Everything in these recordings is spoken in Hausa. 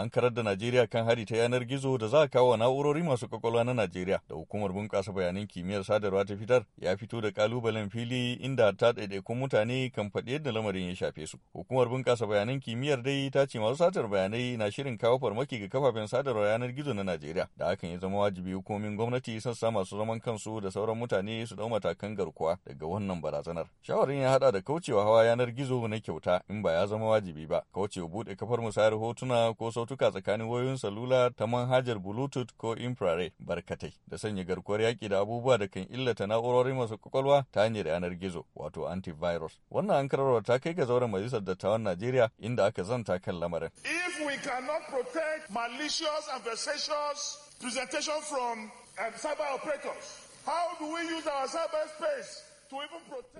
an karar da Najeriya kan hari ta yanar gizo da za a kawo na'urori masu kwakwalwa na Najeriya da hukumar bunƙasa bayanan kimiyyar sadarwa ta fitar ya fito da kalubalen fili inda ta ɗaiɗaikun mutane kan faɗi yadda lamarin ya shafe su. Hukumar bunƙasa bayanan kimiyyar dai ta ce masu satar bayanai na shirin kawo farmaki ga kafafen sadarwa yanar gizo na Najeriya da hakan ya zama wajibi hukumomin gwamnati sassa masu zaman kansu da sauran mutane su ɗau matakan garkuwa daga wannan barazanar. Shawarin ya haɗa da kaucewa hawa yanar gizo na kyauta in ba ya zama wajibi ba, kaucewa buɗe kafar musayar hotuna ko sautin tuka tsakanin wayoyin salula ta manhajar Bluetooth ko infrared barkatai da sanya garkuwar yaki da abubuwa da kan illata na'urori masu kwakwalwa ta hanyar yanar gizo wato antivirus. Wannan ankararwa ta kai ga zauren majalisar dattawan Najeriya inda aka zanta kan lamarin. If we cannot protect malicious and vexatious presentation from um, cyber operators, how do we use our cyberspace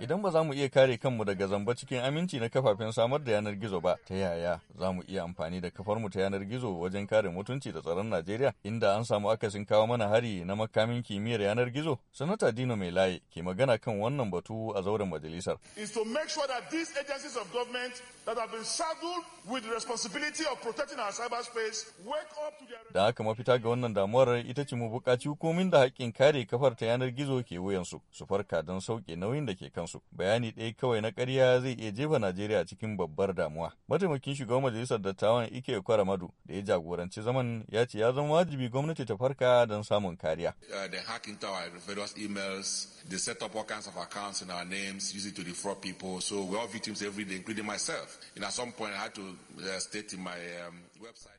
Idan ba za mu iya kare kanmu daga zamba cikin aminci na kafafen samar da yanar gizo ba, ta yaya za mu iya amfani da kafar mu ta yanar gizo wajen kare mutunci da tsaron Najeriya inda an samu akasin kawo mana hari na makamin kimiyyar yanar gizo? Sanata Dino Mai Laye ke magana kan wannan batu a zauren majalisar. Is to that these agencies of government that have been with the of protecting our cyberspace wake up to their... Da haka mafita ga wannan damuwar ita ce mu buƙaci hukumin da haƙƙin kare kafar ta yanar gizo ke wuyansu su farka don sauƙin nauyin da ke kansu. Bayani ɗaya kawai na ƙarya zai iya jefa Najeriya cikin babbar damuwa. Mataimakin shugaban majalisar dattawan Ike Kwaramadu da ya jagoranci zaman ya ce ya zama wajibi gwamnati ta farka don samun kariya. Uh, The hack into our various emails, they set up all kinds of accounts in our names, use it to defraud people. So we're all victims every day, including myself. And at some point I had to uh, state in my um,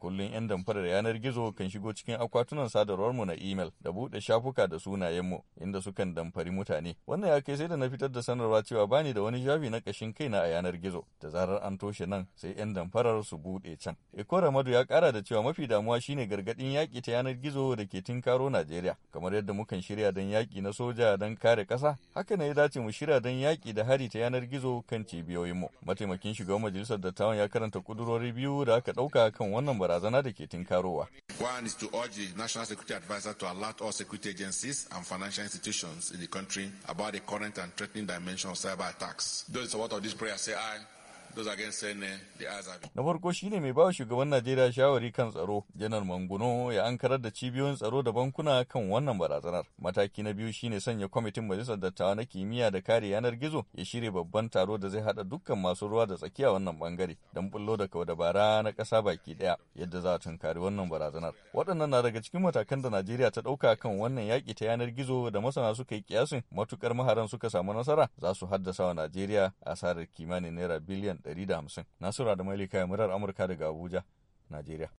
Kullum 'yan damfarar yanar gizo kan shigo cikin akwatunan sadarwar mu na imel da buɗe shafuka da sunayenmu inda sukan damfari mutane. Wannan ya kai sai da na fitar da sanarwa cewa bani da wani shafi na ƙashin kaina a yanar gizo. Da zarar an toshe nan sai 'yan damfarar su buɗe can. Eko Ramadu ya ƙara da cewa mafi damuwa shine gargaɗin yaƙi ta yanar gizo da ke tinkaro Najeriya. Kamar yadda mukan shirya don yaƙi na soja don kare ƙasa, haka ne ya dace mu shirya don yaƙi da hari ta yanar gizo kan cibiyoyinmu. Mataimakin shugaban majalisar dattawan ya karanta ƙudurori biyu da aka ɗauka kan wannan barazana da ke tinkarowa. One is to urge the National Security Advisor to alert all security agencies and financial institutions in the country about the current and threatening dimension of cyber attacks. Those support of this prayer say I Eh, na farko shi ne mai ba shugaban Najeriya shawari kan tsaro, Janar Manguno ya ankarar da cibiyoyin tsaro da bankuna kan wannan barazanar. Mataki na biyu shi ne sanya kwamitin majalisar dattawa na kimiyya da kare yanar gizo ya shirya babban taro da zai hada dukkan masu ruwa da tsakiya wannan bangare don bullo da kawo dabara na ƙasa baki ɗaya yadda za a tunkari wannan barazanar. Waɗannan na daga cikin matakan da Najeriya ta ɗauka kan wannan yaƙi ta yanar gizo da masana suka yi kiyasin matukar maharan suka samu nasara za su haddasa wa Najeriya asarar kimanin naira biliyan da hamsin Nasura da kaya murar Amurka daga Abuja, Najeriya.